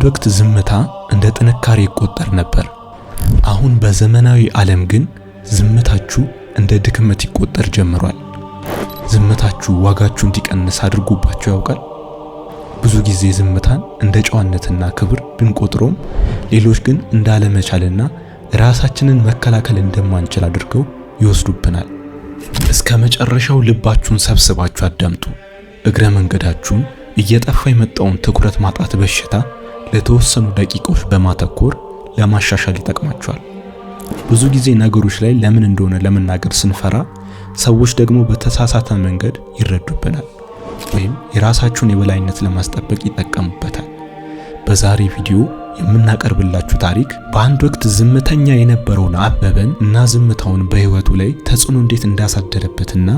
በአንድ ወቅት ዝምታ እንደ ጥንካሬ ይቆጠር ነበር። አሁን በዘመናዊ ዓለም ግን ዝምታችሁ እንደ ድክመት ይቆጠር ጀምሯል። ዝምታችሁ ዋጋችሁን እንዲቀንስ አድርጎባችሁ ያውቃል? ብዙ ጊዜ ዝምታን እንደ ጨዋነትና ክብር ብንቆጥረውም ሌሎች ግን እንዳለመቻልና ራሳችንን መከላከል እንደማንችል አድርገው ይወስዱብናል። እስከ መጨረሻው ልባችሁን ሰብስባችሁ አዳምጡ። እግረ መንገዳችሁን እየጠፋ የመጣውን ትኩረት ማጣት በሽታ ለተወሰኑ ደቂቆች በማተኮር ለማሻሻል ይጠቅማቸዋል። ብዙ ጊዜ ነገሮች ላይ ለምን እንደሆነ ለመናገር ስንፈራ፣ ሰዎች ደግሞ በተሳሳተ መንገድ ይረዱብናል ወይም የራሳቸውን የበላይነት ለማስጠበቅ ይጠቀሙበታል። በዛሬ ቪዲዮ የምናቀርብላችሁ ታሪክ በአንድ ወቅት ዝምተኛ የነበረውን አበበን እና ዝምታውን በህይወቱ ላይ ተጽዕኖ እንዴት እንዳሳደረበትና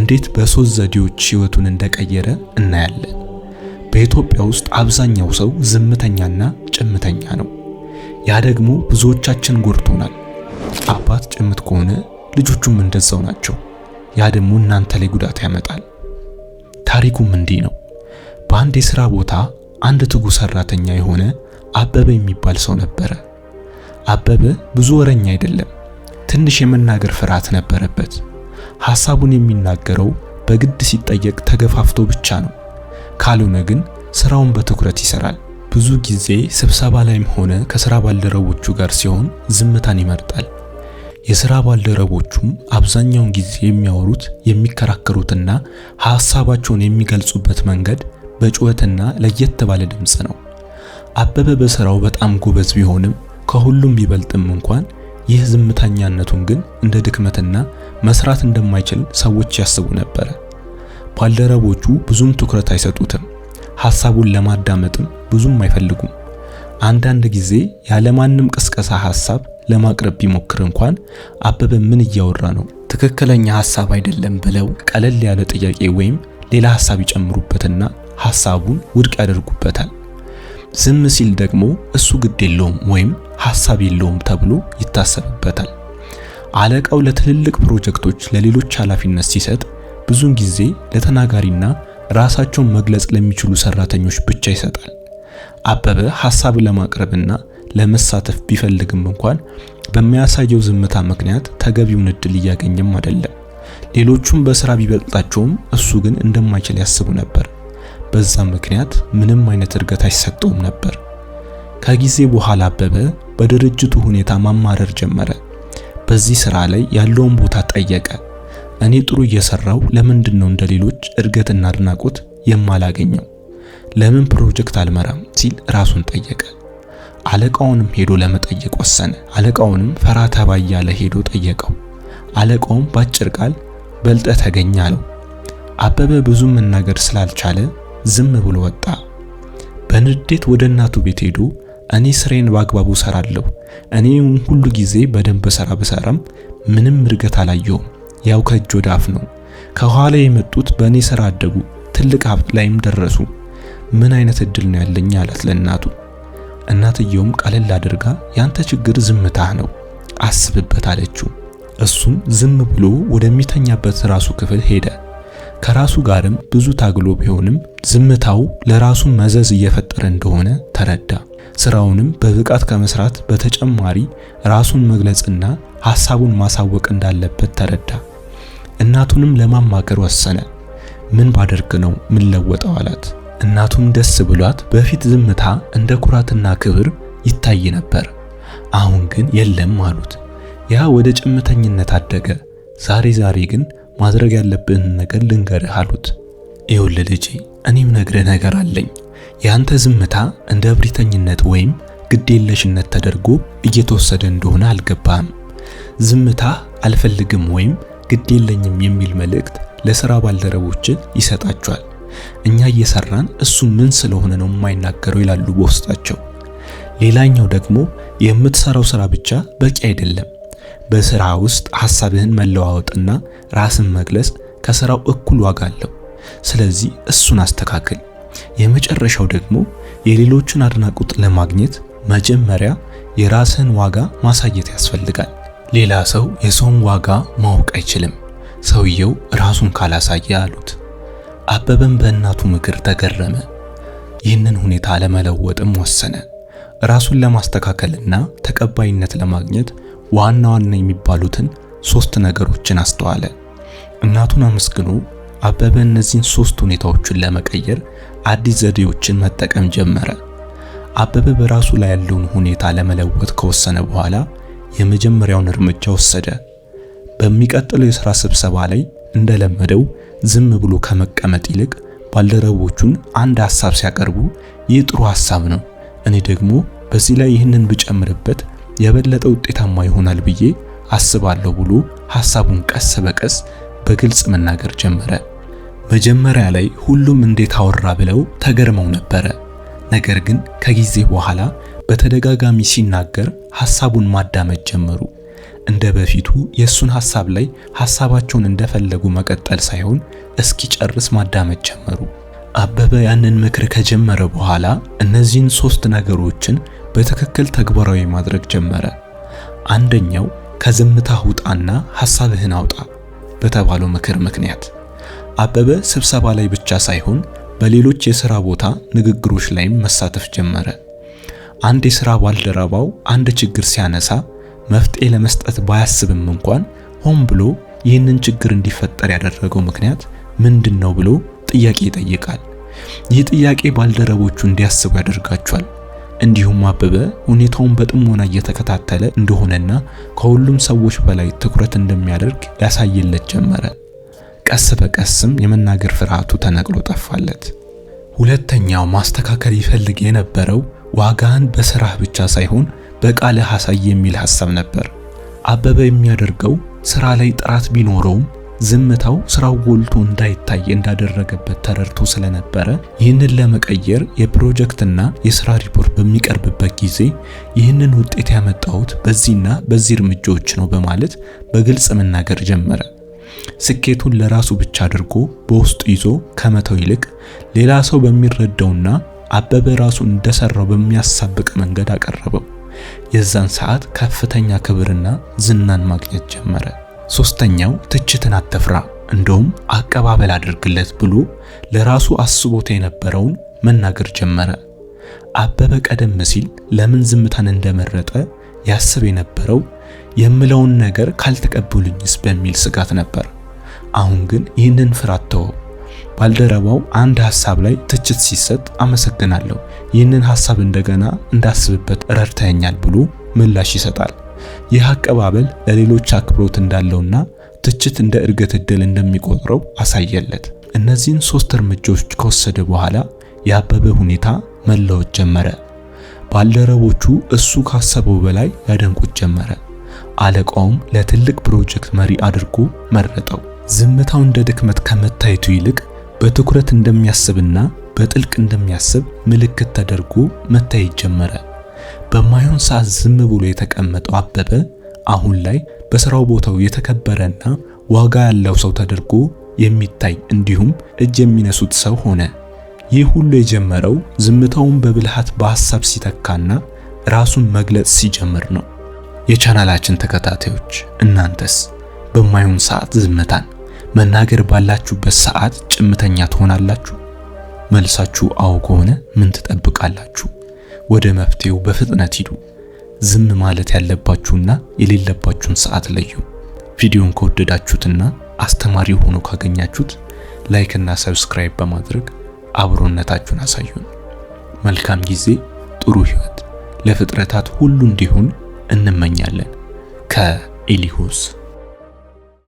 እንዴት በሶስት ዘዴዎች ህይወቱን እንደቀየረ እናያለን። በኢትዮጵያ ውስጥ አብዛኛው ሰው ዝምተኛና ጭምተኛ ነው። ያ ደግሞ ብዙዎቻችን ጎድቶናል። አባት ጭምት ከሆነ ልጆቹም እንደዛው ናቸው። ያ ደግሞ እናንተ ላይ ጉዳት ያመጣል። ታሪኩም እንዲህ ነው። በአንድ የሥራ ቦታ አንድ ትጉህ ሰራተኛ የሆነ አበበ የሚባል ሰው ነበረ። አበበ ብዙ ወረኛ አይደለም። ትንሽ የመናገር ፍርሃት ነበረበት። ሐሳቡን የሚናገረው በግድ ሲጠየቅ ተገፋፍቶ ብቻ ነው። ካልሆነ ግን ስራውን በትኩረት ይሰራል። ብዙ ጊዜ ስብሰባ ላይም ሆነ ከስራ ባልደረቦቹ ጋር ሲሆን ዝምታን ይመርጣል። የስራ ባልደረቦቹም አብዛኛውን ጊዜ የሚያወሩት የሚከራከሩትና ሀሳባቸውን የሚገልጹበት መንገድ በጩኸትና ለየት ባለ ድምፅ ነው። አበበ በስራው በጣም ጎበዝ ቢሆንም ከሁሉም ቢበልጥም እንኳን ይህ ዝምተኛነቱን ግን እንደ ድክመትና መስራት እንደማይችል ሰዎች ያስቡ ነበረ። ባልደረቦቹ ብዙም ትኩረት አይሰጡትም። ሐሳቡን ለማዳመጥም ብዙም አይፈልጉም። አንዳንድ ጊዜ ያለማንም ቅስቀሳ ሐሳብ ለማቅረብ ቢሞክር እንኳን አበበ ምን እያወራ ነው፣ ትክክለኛ ሐሳብ አይደለም ብለው ቀለል ያለ ጥያቄ ወይም ሌላ ሐሳብ ይጨምሩበትና ሐሳቡን ውድቅ ያደርጉበታል። ዝም ሲል ደግሞ እሱ ግድ የለውም ወይም ሐሳብ የለውም ተብሎ ይታሰብበታል። አለቃው ለትልልቅ ፕሮጀክቶች ለሌሎች ኃላፊነት ሲሰጥ ብዙውን ጊዜ ለተናጋሪና ራሳቸውን መግለጽ ለሚችሉ ሰራተኞች ብቻ ይሰጣል። አበበ ሐሳብ ለማቅረብና ለመሳተፍ ቢፈልግም እንኳን በሚያሳየው ዝምታ ምክንያት ተገቢውን እድል እያገኘም አይደለም። ሌሎቹም በስራ ቢበልጣቸውም እሱ ግን እንደማይችል ያስቡ ነበር። በዛ ምክንያት ምንም አይነት እድገት አይሰጠውም ነበር። ከጊዜ በኋላ አበበ በድርጅቱ ሁኔታ ማማረር ጀመረ። በዚህ ስራ ላይ ያለውን ቦታ ጠየቀ። እኔ ጥሩ እየሰራው ለምንድን ነው እንደሌሎች እድገትና አድናቆት የማላገኘው? ለምን ፕሮጀክት አልመራም ሲል ራሱን ጠየቀ። አለቃውንም ሄዶ ለመጠየቅ ወሰነ። አለቃውንም ፈራ ተባ እያለ ሄዶ ጠየቀው። አለቃውም ባጭር ቃል በልጠ ተገኘ አለው። አበበ ብዙ መናገር ስላልቻለ ዝም ብሎ ወጣ። በንዴት ወደ እናቱ ቤት ሄዶ እኔ ስሬን በአግባቡ ሰራለሁ፣ እኔ ሁሉ ጊዜ በደንብ ሰራ ብሰራም ምንም እድገት አላየውም። ያው ከእጅ ወደ አፍ ነው። ከኋላ የመጡት በእኔ ስራ አደጉ፣ ትልቅ ሀብት ላይም ደረሱ። ምን አይነት እድል ነው ያለኝ አላት ለእናቱ። እናትየውም ቀለል አድርጋ ያንተ ችግር ዝምታህ ነው፣ አስብበት አለችው። እሱም ዝም ብሎ ወደሚተኛበት ራሱ ክፍል ሄደ። ከራሱ ጋርም ብዙ ታግሎ ቢሆንም ዝምታው ለራሱ መዘዝ እየፈጠረ እንደሆነ ተረዳ። ስራውንም በብቃት ከመስራት በተጨማሪ ራሱን መግለጽና ሐሳቡን ማሳወቅ እንዳለበት ተረዳ። እናቱንም ለማማከር ወሰነ። ምን ባደርግ ነው ምን ለወጠው አላት። እናቱም ደስ ብሏት፣ በፊት ዝምታ እንደ ኩራትና ክብር ይታይ ነበር፣ አሁን ግን የለም አሉት። ያ ወደ ጭምተኝነት አደገ። ዛሬ ዛሬ ግን ማድረግ ያለብህን ነገር ልንገርህ አሉት። ይኸውልህ ልጄ፣ እኔም ነግረህ ነገር አለኝ የአንተ ዝምታ እንደ እብሪተኝነት ወይም ግዴለሽነት ተደርጎ እየተወሰደ እንደሆነ አልገባም። ዝምታ አልፈልግም ወይም ግዴለኝም የሚል መልእክት ለሥራ ባልደረቦች ይሰጣቸዋል። እኛ እየሰራን እሱ ምን ስለሆነ ነው የማይናገረው ይላሉ በውስጣቸው። ሌላኛው ደግሞ የምትሰራው ስራ ብቻ በቂ አይደለም። በስራ ውስጥ ሐሳብህን መለዋወጥና ራስን መግለጽ ከስራው እኩል ዋጋ አለው። ስለዚህ እሱን አስተካክል። የመጨረሻው ደግሞ የሌሎችን አድናቆት ለማግኘት መጀመሪያ የራስን ዋጋ ማሳየት ያስፈልጋል። ሌላ ሰው የሰውን ዋጋ ማወቅ አይችልም ሰውየው ራሱን ካላሳየ አሉት። አበበም በእናቱ ምክር ተገረመ። ይህንን ሁኔታ ለመለወጥም ወሰነ። ራሱን ለማስተካከልና ተቀባይነት ለማግኘት ዋና ዋና የሚባሉትን ሶስት ነገሮችን አስተዋለ። እናቱን አመስግኖ አበበ እነዚህን ሶስት ሁኔታዎችን ለመቀየር አዲስ ዘዴዎችን መጠቀም ጀመረ። አበበ በራሱ ላይ ያለውን ሁኔታ ለመለወጥ ከወሰነ በኋላ የመጀመሪያውን እርምጃ ወሰደ። በሚቀጥለው የሥራ ስብሰባ ላይ እንደለመደው ዝም ብሎ ከመቀመጥ ይልቅ ባልደረቦቹን አንድ ሐሳብ ሲያቀርቡ ይህ ጥሩ ሐሳብ ነው፣ እኔ ደግሞ በዚህ ላይ ይህንን ብጨምርበት የበለጠ ውጤታማ ይሆናል ብዬ አስባለሁ ብሎ ሐሳቡን ቀስ በቀስ በግልጽ መናገር ጀመረ። መጀመሪያ ላይ ሁሉም እንዴት አወራ ብለው ተገርመው ነበረ። ነገር ግን ከጊዜ በኋላ በተደጋጋሚ ሲናገር ሐሳቡን ማዳመጥ ጀመሩ። እንደ በፊቱ የእሱን ሐሳብ ላይ ሐሳባቸውን እንደፈለጉ መቀጠል ሳይሆን እስኪጨርስ ማዳመጥ ጀመሩ። አበበ ያንን ምክር ከጀመረ በኋላ እነዚህን ሶስት ነገሮችን በትክክል ተግባራዊ ማድረግ ጀመረ። አንደኛው ከዝምታ ውጣና ሐሳብህን አውጣ በተባለው ምክር ምክንያት አበበ ስብሰባ ላይ ብቻ ሳይሆን በሌሎች የሥራ ቦታ ንግግሮች ላይም መሳተፍ ጀመረ። አንድ የሥራ ባልደረባው አንድ ችግር ሲያነሳ መፍትሄ ለመስጠት ባያስብም እንኳን ሆን ብሎ ይህንን ችግር እንዲፈጠር ያደረገው ምክንያት ምንድን ነው ብሎ ጥያቄ ይጠይቃል። ይህ ጥያቄ ባልደረቦቹ እንዲያስቡ ያደርጋቸዋል። እንዲሁም አበበ ሁኔታውን በጥሞና እየተከታተለ እንደሆነና ከሁሉም ሰዎች በላይ ትኩረት እንደሚያደርግ ያሳየለት ጀመረ። ቀስ በቀስም የመናገር ፍርሃቱ ተነቅሎ ጠፋለት። ሁለተኛው ማስተካከል ይፈልግ የነበረው ዋጋን በስራህ ብቻ ሳይሆን በቃልህ አሳይ የሚል ሐሳብ ነበር። አበበ የሚያደርገው ስራ ላይ ጥራት ቢኖረውም ዝምታው ስራው ጎልቶ እንዳይታይ እንዳደረገበት ተረድቶ ስለነበረ ይህንን ለመቀየር የፕሮጀክትና የስራ ሪፖርት በሚቀርብበት ጊዜ ይህንን ውጤት ያመጣሁት በዚህና በዚህ እርምጃዎች ነው በማለት በግልጽ መናገር ጀመረ። ስኬቱን ለራሱ ብቻ አድርጎ በውስጡ ይዞ ከመተው ይልቅ ሌላ ሰው በሚረዳውና አበበ ራሱ እንደሰራው በሚያሳብቅ መንገድ አቀረበው። የዛን ሰዓት ከፍተኛ ክብርና ዝናን ማግኘት ጀመረ። ሶስተኛው ትችትን አትፍራ፣ እንደውም አቀባበል አድርግለት ብሎ ለራሱ አስቦት የነበረውን መናገር ጀመረ። አበበ ቀደም ሲል ለምን ዝምታን እንደመረጠ ያስብ የነበረው የምለውን ነገር ካልተቀበሉኝስ በሚል ስጋት ነበር። አሁን ግን ይህንን ፍርሃት ባልደረባው አንድ ሀሳብ ላይ ትችት ሲሰጥ አመሰግናለሁ፣ ይህንን ሀሳብ እንደገና እንዳስብበት ረድተኛል ብሎ ምላሽ ይሰጣል። ይህ አቀባበል ለሌሎች አክብሮት እንዳለውና ትችት እንደ እድገት እድል እንደሚቆጥረው አሳየለት። እነዚህን ሶስት እርምጃዎች ከወሰደ በኋላ የአበበ ሁኔታ መለወጥ ጀመረ። ባልደረቦቹ እሱ ካሰበው በላይ ያደንቁት ጀመረ። አለቃውም ለትልቅ ፕሮጀክት መሪ አድርጎ መረጠው። ዝምታው እንደ ድክመት ከመታየቱ ይልቅ በትኩረት እንደሚያስብና በጥልቅ እንደሚያስብ ምልክት ተደርጎ መታየት ጀመረ። በማይሆን ሰዓት ዝም ብሎ የተቀመጠው አበበ አሁን ላይ በስራው ቦታው የተከበረና ዋጋ ያለው ሰው ተደርጎ የሚታይ እንዲሁም እጅ የሚነሱት ሰው ሆነ። ይህ ሁሉ የጀመረው ዝምታውን በብልሃት በሐሳብ ሲተካና ራሱን መግለጽ ሲጀምር ነው። የቻናላችን ተከታታዮች እናንተስ በማይሆን ሰዓት ዝምታን መናገር ባላችሁበት ሰዓት ጭምተኛ ትሆናላችሁ? መልሳችሁ አዎ ከሆነ ምን ትጠብቃላችሁ? ወደ መፍትሄው በፍጥነት ሂዱ። ዝም ማለት ያለባችሁና የሌለባችሁን ሰዓት ለዩ። ቪዲዮን ከወደዳችሁትና አስተማሪ ሆኖ ካገኛችሁት ላይክ እና ሰብስክራይብ በማድረግ አብሮነታችሁን አሳዩን። መልካም ጊዜ፣ ጥሩ ህይወት ለፍጥረታት ሁሉ እንዲሆን እንመኛለን። ከኤሊሆስ